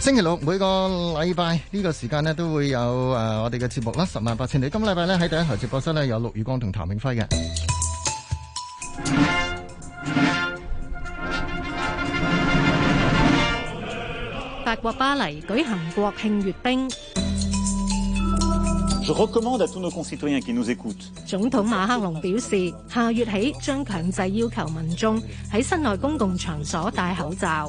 星期六每個禮拜呢個時間呢都會有誒我哋嘅節目啦，十萬八千里。今個禮拜呢喺第一台直播室呢有陸宇光同譚永輝嘅。法國巴黎舉行國慶閱兵。總統馬克龍表示，下月起將強制要求民眾喺室內公共場所戴口罩。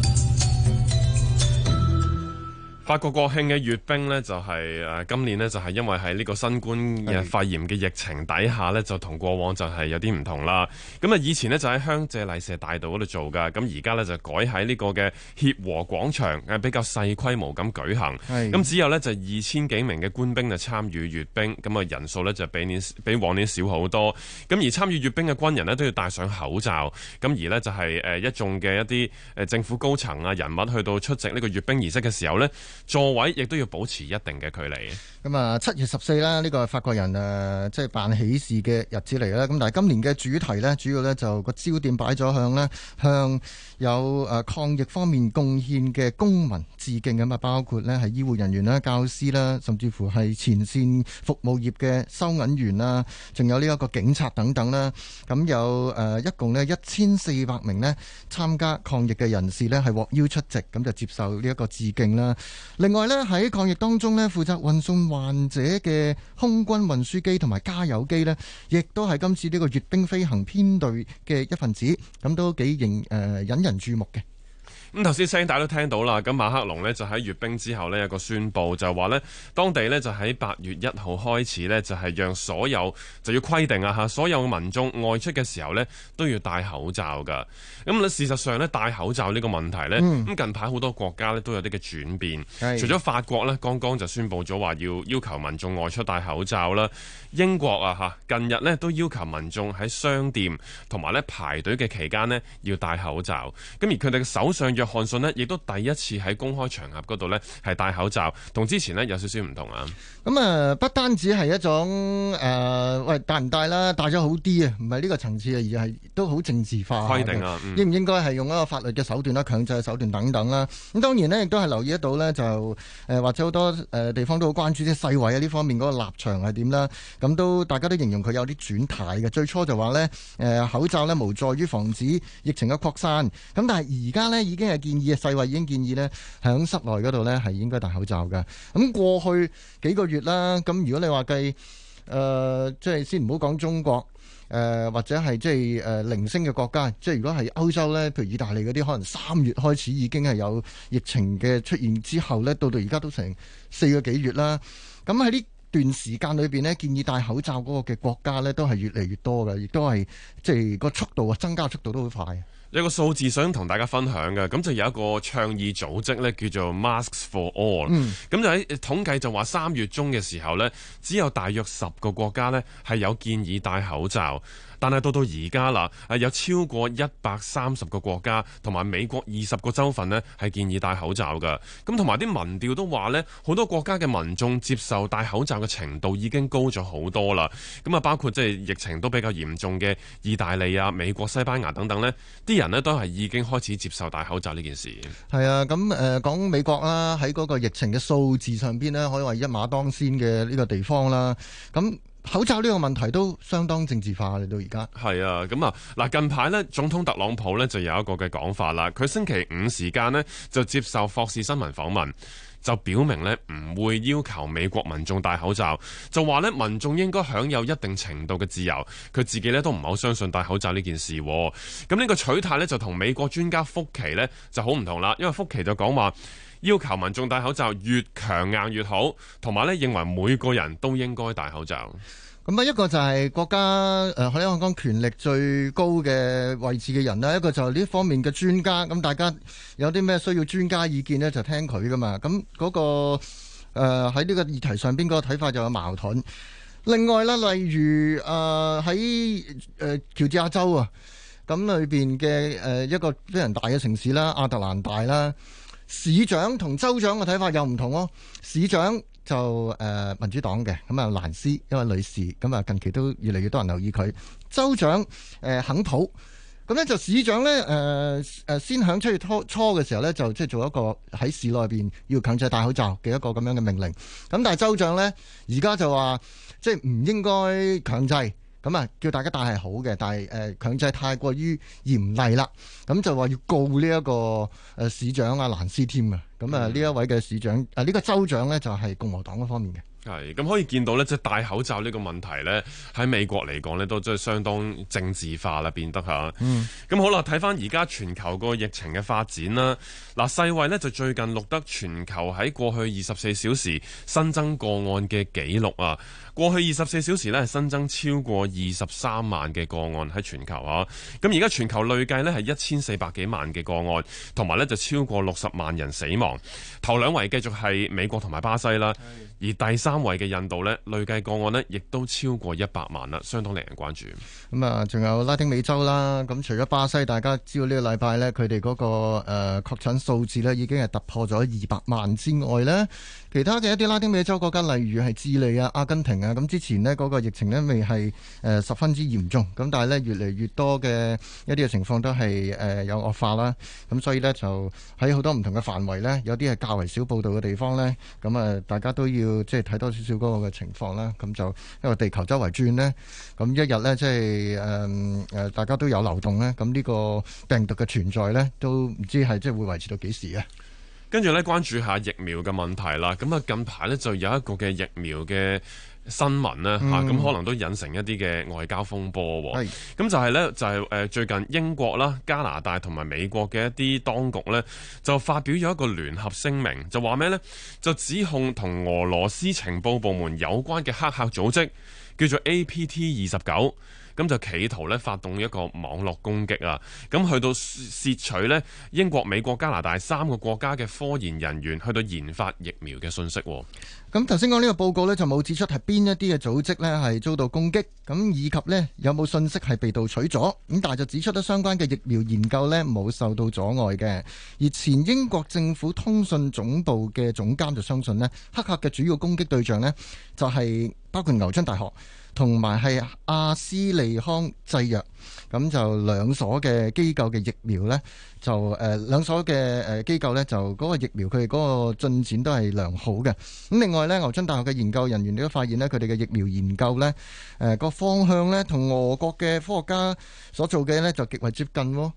法國國慶嘅閱兵呢，就係、是、誒今年呢，就係、是、因為喺呢個新冠肺炎嘅疫情底下呢，就同過往就係有啲唔同啦。咁啊，以前呢，就喺香榭麗舍大道嗰度做噶，咁而家呢，就改喺呢個嘅協和廣場誒，比較細規模咁舉行。咁的只有呢，就二千幾名嘅官兵就參與閱兵，咁啊人數呢，就比年比往年少好多。咁而參與閱兵嘅軍人呢，都要戴上口罩。咁而呢，就係、是、誒一眾嘅一啲政府高層啊人物去到出席呢個閱兵儀式嘅時候呢。座位亦都要保持一定嘅距離。咁啊，七月十四啦，呢個係法國人誒、呃，即係辦喜事嘅日子嚟啦。咁但係今年嘅主題呢，主要呢就個焦點擺咗向呢，向有抗疫方面貢獻嘅公民致敬。咁啊，包括呢係醫護人員啦、教師啦，甚至乎係前線服務業嘅收銀員啦，仲有呢一個警察等等啦。咁有誒，一共呢一千四百名呢參加抗疫嘅人士呢，係獲邀出席，咁就接受呢一個致敬啦。另外咧，喺抗疫當中呢負責運送患者嘅空軍運輸機同埋加油機呢亦都係今次呢個閱兵飛行編隊嘅一份子，咁都幾引誒引人注目嘅。咁頭先聲大家都聽到啦，咁馬克龍呢，就喺閱兵之後呢，有個宣佈，就話呢當地呢，就喺八月一號開始呢，就係讓所有就要規定啊嚇，所有民眾外出嘅時候呢，都要戴口罩噶。咁你事實上呢，戴口罩呢個問題呢，咁、嗯、近排好多國家呢都有啲嘅轉變，的除咗法國呢，剛剛就宣佈咗話要要求民眾外出戴口罩啦。英國啊嚇，近日呢，都要求民眾喺商店同埋咧排隊嘅期間呢，要戴口罩。咁而佢哋嘅首相約翰遜咧，亦都第一次喺公開場合嗰度呢，係戴口罩，同之前呢，有少少唔同啊。咁啊、嗯，不單止係一種誒、呃，喂，戴唔戴啦？戴咗好啲啊，唔係呢個層次啊，而係都好政治化。規定啊，嗯、應唔應該係用一個法律嘅手段啦，強制嘅手段等等啦。咁當然呢，亦都係留意得到呢，就誒、呃、或者好多誒地方都好關注啲世衛啊，呢方面嗰個立場係點啦。咁都大家都形容佢有啲轉軚嘅。最初就話呢，誒、呃、口罩呢無助於防止疫情嘅擴散，咁但係而家呢已經。嘅建議啊，世衞已經建議呢，喺室內嗰度呢，係應該戴口罩嘅。咁過去幾個月啦，咁如果你話計，誒即係先唔好講中國，誒、呃、或者係即係誒零星嘅國家，即係如果係歐洲呢，譬如意大利嗰啲，可能三月開始已經係有疫情嘅出現之後呢，到到而家都成四個幾月啦。咁喺呢段時間裏邊呢，建議戴口罩嗰個嘅國家呢，都係越嚟越多嘅，亦都係即係個速度啊，增加速度都好快。有個數字想同大家分享嘅，咁就有一個倡議組織咧，叫做 Masks for All，嗯。咁就喺統計就話，三月中嘅時候呢，只有大約十個國家呢係有建議戴口罩。但係到到而家啦，有超過一百三十個國家同埋美國二十個州份呢係建議戴口罩㗎。咁同埋啲民調都話呢，好多國家嘅民眾接受戴口罩嘅程度已經高咗好多啦。咁啊，包括即係疫情都比較嚴重嘅意大利啊、美國、西班牙等等呢啲人呢，都係已經開始接受戴口罩呢件事。係啊，咁、嗯、誒講美國啦，喺嗰個疫情嘅數字上邊呢，可以話一馬當先嘅呢個地方啦。咁口罩呢個問題都相當政治化嘞，到而家。係啊，咁啊，嗱近排呢，總統特朗普呢就有一個嘅講法啦。佢星期五時間呢就接受霍士新聞訪問，就表明呢唔會要求美國民眾戴口罩，就話呢民眾應該享有一定程度嘅自由。佢自己呢都唔係好相信戴口罩呢件事。咁呢個取態呢，就同美國專家福奇呢就好唔同啦。因為福奇就講話，要求民眾戴口罩越強硬越好，同埋咧認為每個人都應該戴口罩。咁啊、呃，一個就係國家誒，可以講講權力最高嘅位置嘅人啦；一個就係呢方面嘅專家。咁大家有啲咩需要專家意見咧，就聽佢噶嘛。咁嗰、嗰個喺呢、呃、個議題上邊嗰個睇法就有矛盾。另外咧，例如誒喺誒喬治亞州啊，咁裏邊嘅誒一個非常大嘅城市啦，亞特蘭大啦。市長同州長嘅睇法又唔同咯。市長就誒、呃、民主黨嘅，咁啊蘭斯一位女士，咁啊近期都越嚟越多人留意佢。州長誒、呃、肯普，咁呢就市長呢，誒、呃、先響七月初初嘅時候呢，就即係做一個喺市內面要強制戴口罩嘅一個咁樣嘅命令。咁但係州長呢，而家就話即係唔應該強制。咁啊，叫大家戴係好嘅，但係、呃、強制太過於嚴厲啦。咁就話要告呢一個呃市長啊，蘭斯添啊，咁啊呢一位嘅市長啊，呢個州長呢就係共和黨嗰方面嘅。係，咁可以見到呢，即係戴口罩呢個問題呢，喺美國嚟講呢都真係相當政治化啦，變得嚇。嗯。咁好啦，睇翻而家全球個疫情嘅發展啦，嗱，世衛呢就最近錄得全球喺過去二十四小時新增個案嘅紀錄啊。過去二十四小時咧，新增超過二十三萬嘅個案喺全球啊！咁而家全球累計咧係一千四百幾萬嘅個案，同埋咧就超過六十萬人死亡。頭兩位繼續係美國同埋巴西啦，而第三位嘅印度咧，累計個案咧亦都超過一百萬啦，相當令人關注。咁啊，仲有拉丁美洲啦，咁除咗巴西，大家知道呢個禮拜咧，佢哋嗰個誒確診數字咧，已經係突破咗二百萬之外咧。其他嘅一啲拉丁美洲國家，例如係智利啊、阿根廷啊，咁之前呢嗰個疫情呢未係誒十分之嚴重，咁但係呢越嚟越多嘅一啲嘅情況都係誒有惡化啦，咁所以呢，就喺好多唔同嘅範圍呢，有啲係較為少報導嘅地方呢。咁啊大家都要即係睇多少少嗰個嘅情況啦。咁就因為地球周圍轉呢，咁一日呢即係誒誒大家都有流動呢。咁、這、呢個病毒嘅存在呢，都唔知係即係會維持到幾時啊？跟住咧，關注下疫苗嘅問題啦。咁啊，近排咧就有一個嘅疫苗嘅新聞啦嚇，咁、嗯、可能都引成一啲嘅外交風波。咁是就係咧，就係誒最近英國啦、加拿大同埋美國嘅一啲當局咧，就發表咗一個聯合聲明，就話咩呢？就指控同俄羅斯情報部門有關嘅黑客組織叫做 APT 二十九。咁就企圖咧發動一個網絡攻擊啊！咁去到竊取呢，英國、美國、加拿大三個國家嘅科研人員去到研發疫苗嘅信息。咁頭先講呢個報告呢，就冇指出係邊一啲嘅組織呢係遭到攻擊，咁以及呢，有冇信息係被盜取咗。咁但係就指出呢相關嘅疫苗研究呢冇受到阻礙嘅。而前英國政府通訊總部嘅總監就相信呢，黑客嘅主要攻擊對象呢，就係包括牛津大學。同埋係阿斯利康製藥，咁就兩所嘅機構嘅疫苗咧，就誒兩所嘅誒機構咧，就嗰個疫苗佢哋嗰個進展都係良好嘅。咁另外咧，牛津大學嘅研究人員亦都發現咧，佢哋嘅疫苗研究咧，誒個方向咧，同俄國嘅科學家所做嘅咧，就極為接近喎。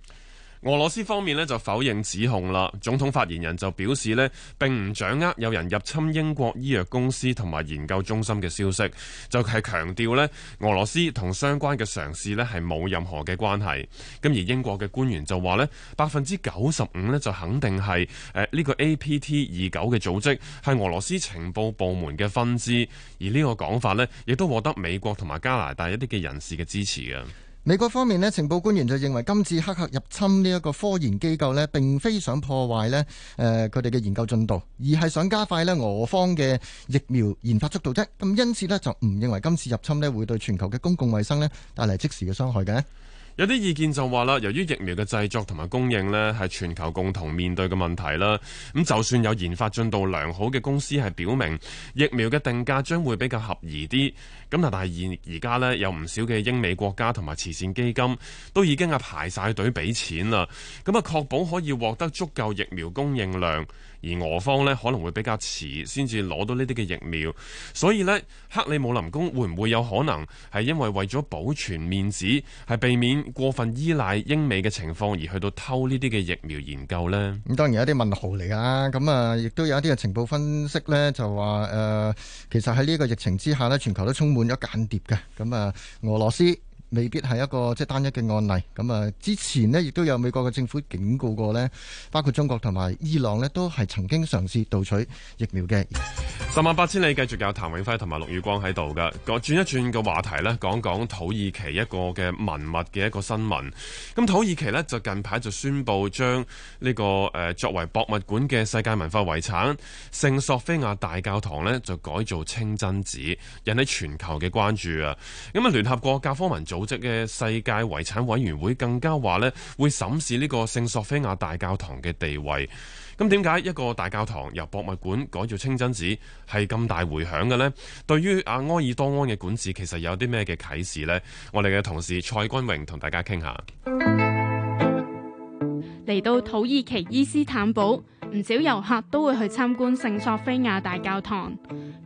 俄羅斯方面咧就否認指控啦，總統發言人就表示咧並唔掌握有人入侵英國醫藥公司同埋研究中心嘅消息，就係強調咧俄羅斯同相關嘅嘗試咧係冇任何嘅關係。咁而英國嘅官員就話咧百分之九十五咧就肯定係誒呢個 APT 二九嘅組織係俄羅斯情報部門嘅分支，而呢個講法咧亦都獲得美國同埋加拿大一啲嘅人士嘅支持嘅。美國方面呢，情報官員就認為今次黑客入侵呢一個科研機構呢，並非想破壞呢，誒佢哋嘅研究進度，而係想加快呢俄方嘅疫苗研發速度啫。咁因此呢，就唔認為今次入侵呢，會對全球嘅公共衛生呢，帶嚟即時嘅傷害嘅。有啲意見就話啦，由於疫苗嘅製作同埋供應呢，係全球共同面對嘅問題啦，咁就算有研發進度良好嘅公司係表明疫苗嘅定價將會比較合宜啲。咁但係而而家咧有唔少嘅英美國家同埋慈善基金都已經啊排晒隊俾錢啦，咁啊確保可以獲得足夠疫苗供應量，而俄方咧可能會比較遲先至攞到呢啲嘅疫苗，所以咧克里姆林宮會唔會有可能係因為為咗保存面子，係避免過分依賴英美嘅情況，而去到偷呢啲嘅疫苗研究咧？咁當然有啲問號嚟，啊，咁啊亦都有一啲嘅情報分析咧，就話誒，其實喺呢個疫情之下咧，全球都充滿。變咗間諜嘅咁啊，俄羅斯。未必係一個即係單一嘅案例。咁啊，之前咧亦都有美國嘅政府警告過咧，包括中國同埋伊朗咧，都係曾經嘗試盜取疫苗嘅。十萬八千里繼續有譚永輝同埋陸宇光喺度噶轉一轉嘅話題咧，講講土耳其一個嘅文物嘅一個新聞，咁土耳其咧就近排就宣布將呢個誒作為博物館嘅世界文化遺產聖索菲亞大教堂咧，就改做清真寺，引起全球嘅關注啊！咁啊，聯合國教科文組。組織嘅世界遺產委員會更加話咧，會審視呢個聖索菲亞大教堂嘅地位。咁點解一個大教堂由博物館改做清真寺係咁大回響嘅呢？對於阿埃爾多安嘅管治，其實有啲咩嘅啟示呢？我哋嘅同事蔡君穎同大家傾下。嚟到土耳其伊斯坦堡，唔少遊客都會去參觀聖索菲亞大教堂。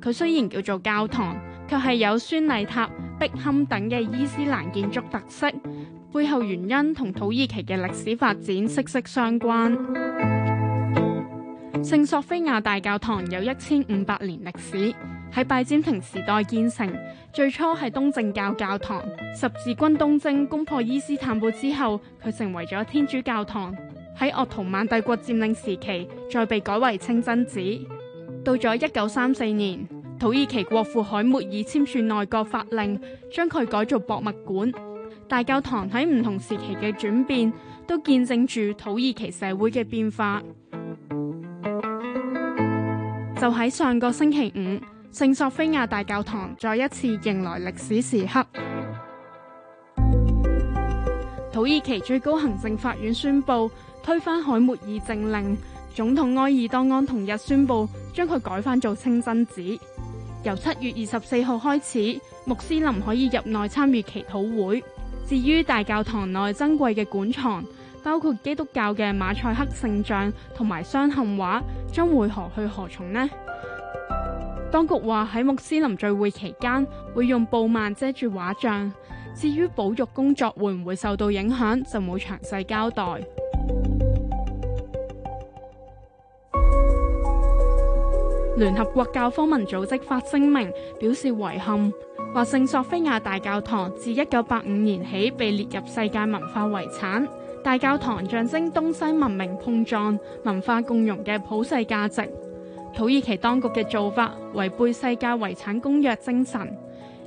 佢雖然叫做教堂，卻係有宣禮塔。壁龕等嘅伊斯蘭建築特色，背後原因同土耳其嘅歷史發展息息相關。聖索菲亞大教堂有一千五百年歷史，喺拜占庭時代建成，最初係東正教教堂。十字軍東征攻破伊斯坦布之後，佢成為咗天主教堂。喺鄂圖曼帝國佔領時期，再被改為清真寺。到咗一九三四年，土耳其國父凱末爾簽署內閣法令，將佢改做博物館。大教堂喺唔同時期嘅轉變，都見證住土耳其社會嘅變化。就喺上個星期五，聖索菲亞大教堂再一次迎來歷史時刻。土耳其最高行政法院宣布推翻凱末爾政令，總統埃爾多安同日宣布將佢改翻做清真寺。由七月二十四號開始，穆斯林可以入內參與祈禱會。至於大教堂內珍貴嘅館藏，包括基督教嘅馬賽克聖像同埋鑲嵌畫，將會何去何從呢？當局話喺穆斯林聚會期間會用布幔遮住畫像。至於保育工作會唔會受到影響，就冇詳細交代。聯合國教科文組織發聲明表示遺憾，話聖索菲亞大教堂自一九八五年起被列入世界文化遺產，大教堂象徵東西文明碰撞、文化共融嘅普世價值。土耳其當局嘅做法違背世界遺產公約精神，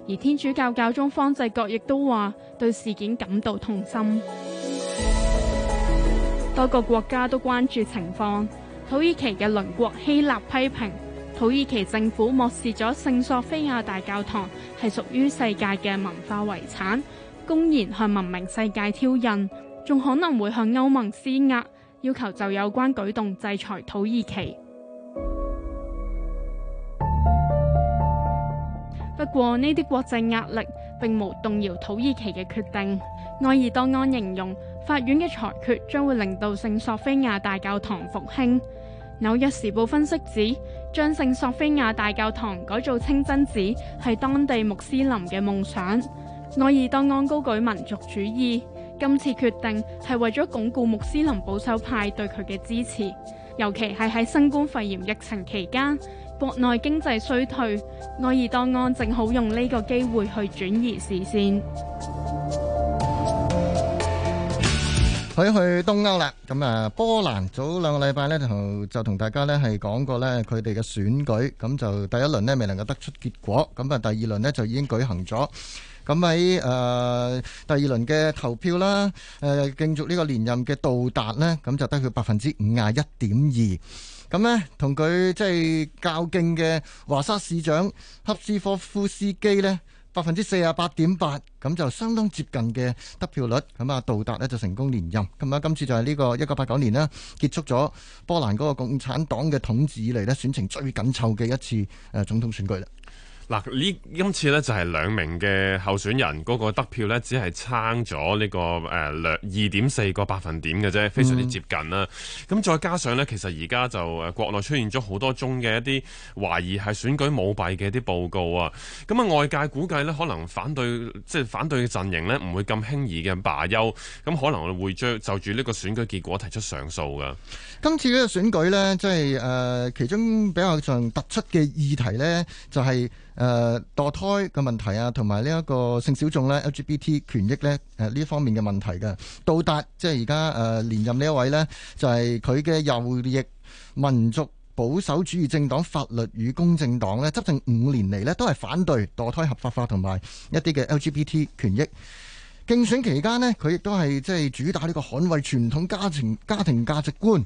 而天主教教宗方濟各亦都話對事件感到痛心。多個國家都關注情況，土耳其嘅鄰國希臘批評。土耳其政府漠視咗聖索菲亞大教堂係屬於世界嘅文化遺產，公然向文明世界挑釁，仲可能會向歐盟施壓，要求就有關舉動制裁土耳其。 不過呢啲國際壓力並冇動搖土耳其嘅決定。艾爾多安形容，法院嘅裁決將會令到聖索菲亞大教堂復興。《紐約時報》分析指，將聖索菲亞大教堂改造清真寺係當地穆斯林嘅夢想。埃爾多安高舉民族主義，今次決定係為咗鞏固穆斯林保守派對佢嘅支持，尤其係喺新冠肺炎疫情期間，國內經濟衰退，埃爾多安正好用呢個機會去轉移視線。我去東歐啦，咁啊波蘭早兩個禮拜呢，就就同大家呢係講過呢，佢哋嘅選舉，咁就第一輪呢未能夠得出結果，咁啊第二輪呢就已經舉行咗，咁喺誒第二輪嘅投票啦，誒競逐呢個連任嘅杜達呢，咁就得佢百分之五十一點二，咁呢，同佢即係較勁嘅華沙市長克斯科夫斯基呢。百分之四十八點八，咁就相當接近嘅得票率，咁啊杜達呢就成功連任，咁啊今次就係呢個一九八九年啦，結束咗波蘭嗰個共產黨嘅統治以嚟呢，選情最緊湊嘅一次誒總統選舉啦。嗱，呢今次呢，就係、是、兩名嘅候選人嗰、那個得票呢，只係撐咗呢個二點四個百分點嘅啫，非常之接近啦、啊。咁、嗯、再加上呢，其實而家就、呃、國內出現咗好多宗嘅一啲懷疑係選舉舞弊嘅啲報告啊。咁啊，外界估計呢，可能反對即係反對陣營呢，唔會咁輕易嘅罷休，咁可能會會就住呢個選舉結果提出上訴噶。今次呢個選舉呢，即、就、係、是呃、其中比較上突出嘅議題呢，就係、是。誒、呃、墮胎嘅問題啊，同埋呢一個性小眾咧 LGBT 權益咧，誒呢、啊、一方面嘅問題嘅，到達即係而家誒連任呢一位呢，就係佢嘅右翼民族保守主義政黨法律與公正黨呢，執政五年嚟呢，都係反對墮胎合法化同埋一啲嘅 LGBT 權益。競選期間呢，佢亦都係即係主打呢個捍衞傳統家庭家庭價值觀。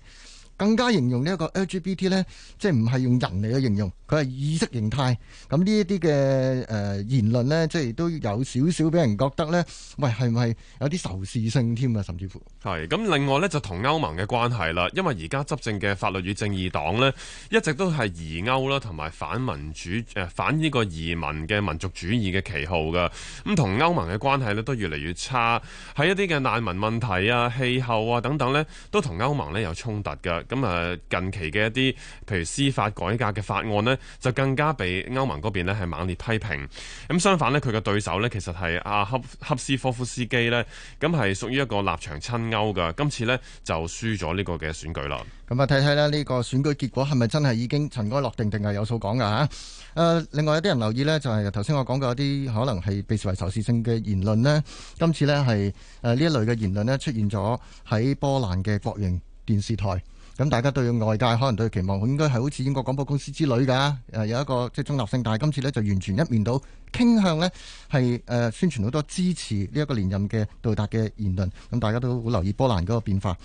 更加形容呢一個 LGBT 呢，即係唔係用人嚟去形容，佢係意識形態。咁呢一啲嘅誒言論呢，即係都有少少俾人覺得呢，喂，係唔係有啲仇視性添啊？甚至乎係咁。另外呢，就同歐盟嘅關係啦，因為而家執政嘅法律與正義黨呢，一直都係疑歐啦，同埋反民主誒、呃、反呢個移民嘅民族主義嘅旗號嘅。咁同歐盟嘅關係呢，都越嚟越差。喺一啲嘅難民問題啊、氣候啊等等呢，都同歐盟呢有衝突嘅。咁啊！近期嘅一啲，譬如司法改革嘅法案呢，就更加被歐盟嗰邊呢係猛烈批評。咁相反呢，佢嘅對手呢，其實係阿恰恰斯科夫斯基呢，咁係屬於一個立場親歐嘅。今次呢，就輸咗呢個嘅選舉啦。咁啊，睇睇呢呢個選舉結果係咪真係已經塵埃落定，定係有數講噶嚇？誒、呃，另外有啲人留意呢，就係頭先我講過一啲可能係被視為仇視性嘅言論呢。今次呢，係誒呢一類嘅言論呢出現咗喺波蘭嘅國營電視台。咁大家對外界可能對期望應該係好似英國廣播公司之類㗎，有一個即係中立性，但係今次呢就完全一面倒傾向呢係宣傳好多支持呢一個連任嘅杜達嘅言論，咁大家都好留意波蘭嗰個變化。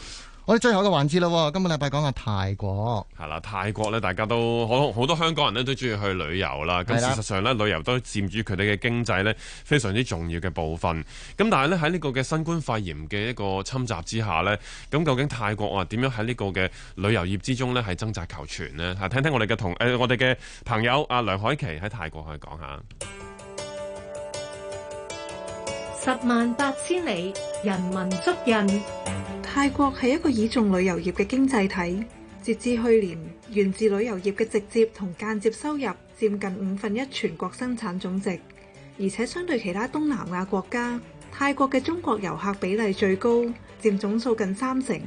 我哋最後一個環節啦，今個禮拜講下泰國。係啦，泰國咧，大家都好好多香港人咧都中意去旅遊啦。咁的事實上咧，旅遊都佔住佢哋嘅經濟咧非常之重要嘅部分。咁但係咧，喺呢個嘅新冠肺炎嘅一個侵襲之下咧，咁究竟泰國啊點樣喺呢個嘅旅遊業之中咧係掙扎求存呢？嚇，聽聽我哋嘅同誒、呃、我哋嘅朋友阿梁凱琪喺泰國可以講下。十萬八千里，人文足印。泰國係一個倚重旅遊業嘅經濟體，截至去年，源自旅遊業嘅直接同間接收入佔近五分一全國生產總值。而且相對其他東南亞國家，泰國嘅中國遊客比例最高，佔總數近三成。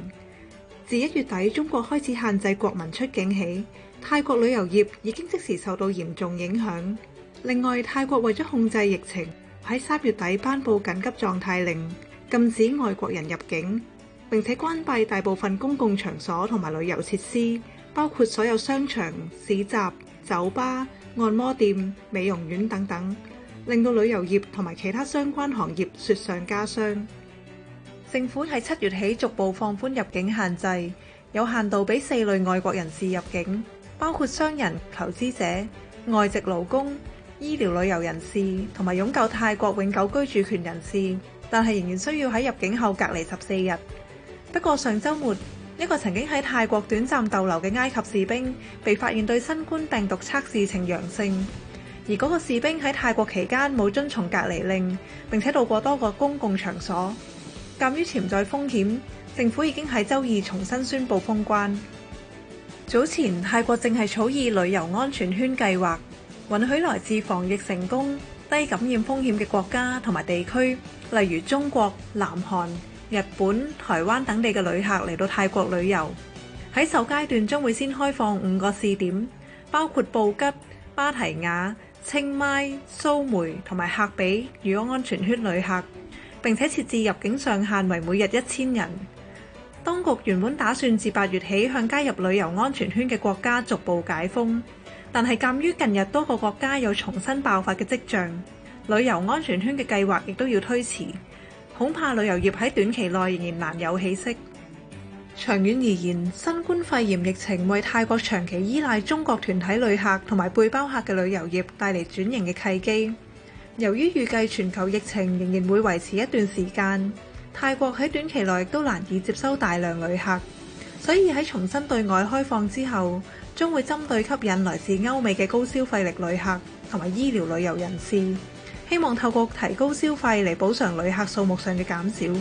自一月底中國開始限制國民出境起，泰國旅遊業已經即時受到嚴重影響。另外，泰國為咗控制疫情。喺三月底頒布緊急狀態令，禁止外國人入境，並且關閉大部分公共場所同埋旅遊設施，包括所有商場、市集、酒吧、按摩店、美容院等等，令到旅遊業同埋其他相關行業雪上加霜。政府喺七月起逐步放寬入境限制，有限度俾四類外國人士入境，包括商人、投資者、外籍勞工。醫療旅遊人士同埋擁有泰國永久居住權人士，但係仍然需要喺入境後隔離十四日。不過上周末，一個曾經喺泰國短暫逗留嘅埃及士兵，被發現對新冠病毒測試呈陽性，而嗰個士兵喺泰國期間冇遵從隔離令，並且到過多個公共場所。鑒於潛在風險，政府已經喺周二重新宣布封關。早前泰國正係草擬旅遊安全圈計劃。允許來自防疫成功、低感染風險嘅國家同埋地區，例如中國、南韓、日本、台灣等地嘅旅客嚟到泰國旅遊。喺首階段將會先開放五個試點，包括布吉、芭提雅、清邁、蘇梅同埋客比，果安全圈旅客。並且設置入境上限為每日一千人。當局原本打算自八月起向加入旅遊安全圈嘅國家逐步解封。但係鑑於近日多個國家有重新爆發嘅跡象，旅遊安全圈嘅計劃亦都要推遲，恐怕旅遊業喺短期內仍然難有起色。長遠而言，新冠肺炎疫情為泰國長期依賴中國團體旅客同埋背包客嘅旅遊業帶嚟轉型嘅契機。由於預計全球疫情仍然會維持一段時間，泰國喺短期內都難以接收大量旅客，所以喺重新對外開放之後，將會針對吸引來自歐美嘅高消費力旅客同埋醫療旅遊人士，希望透過提高消費嚟補償旅客數目上嘅減少。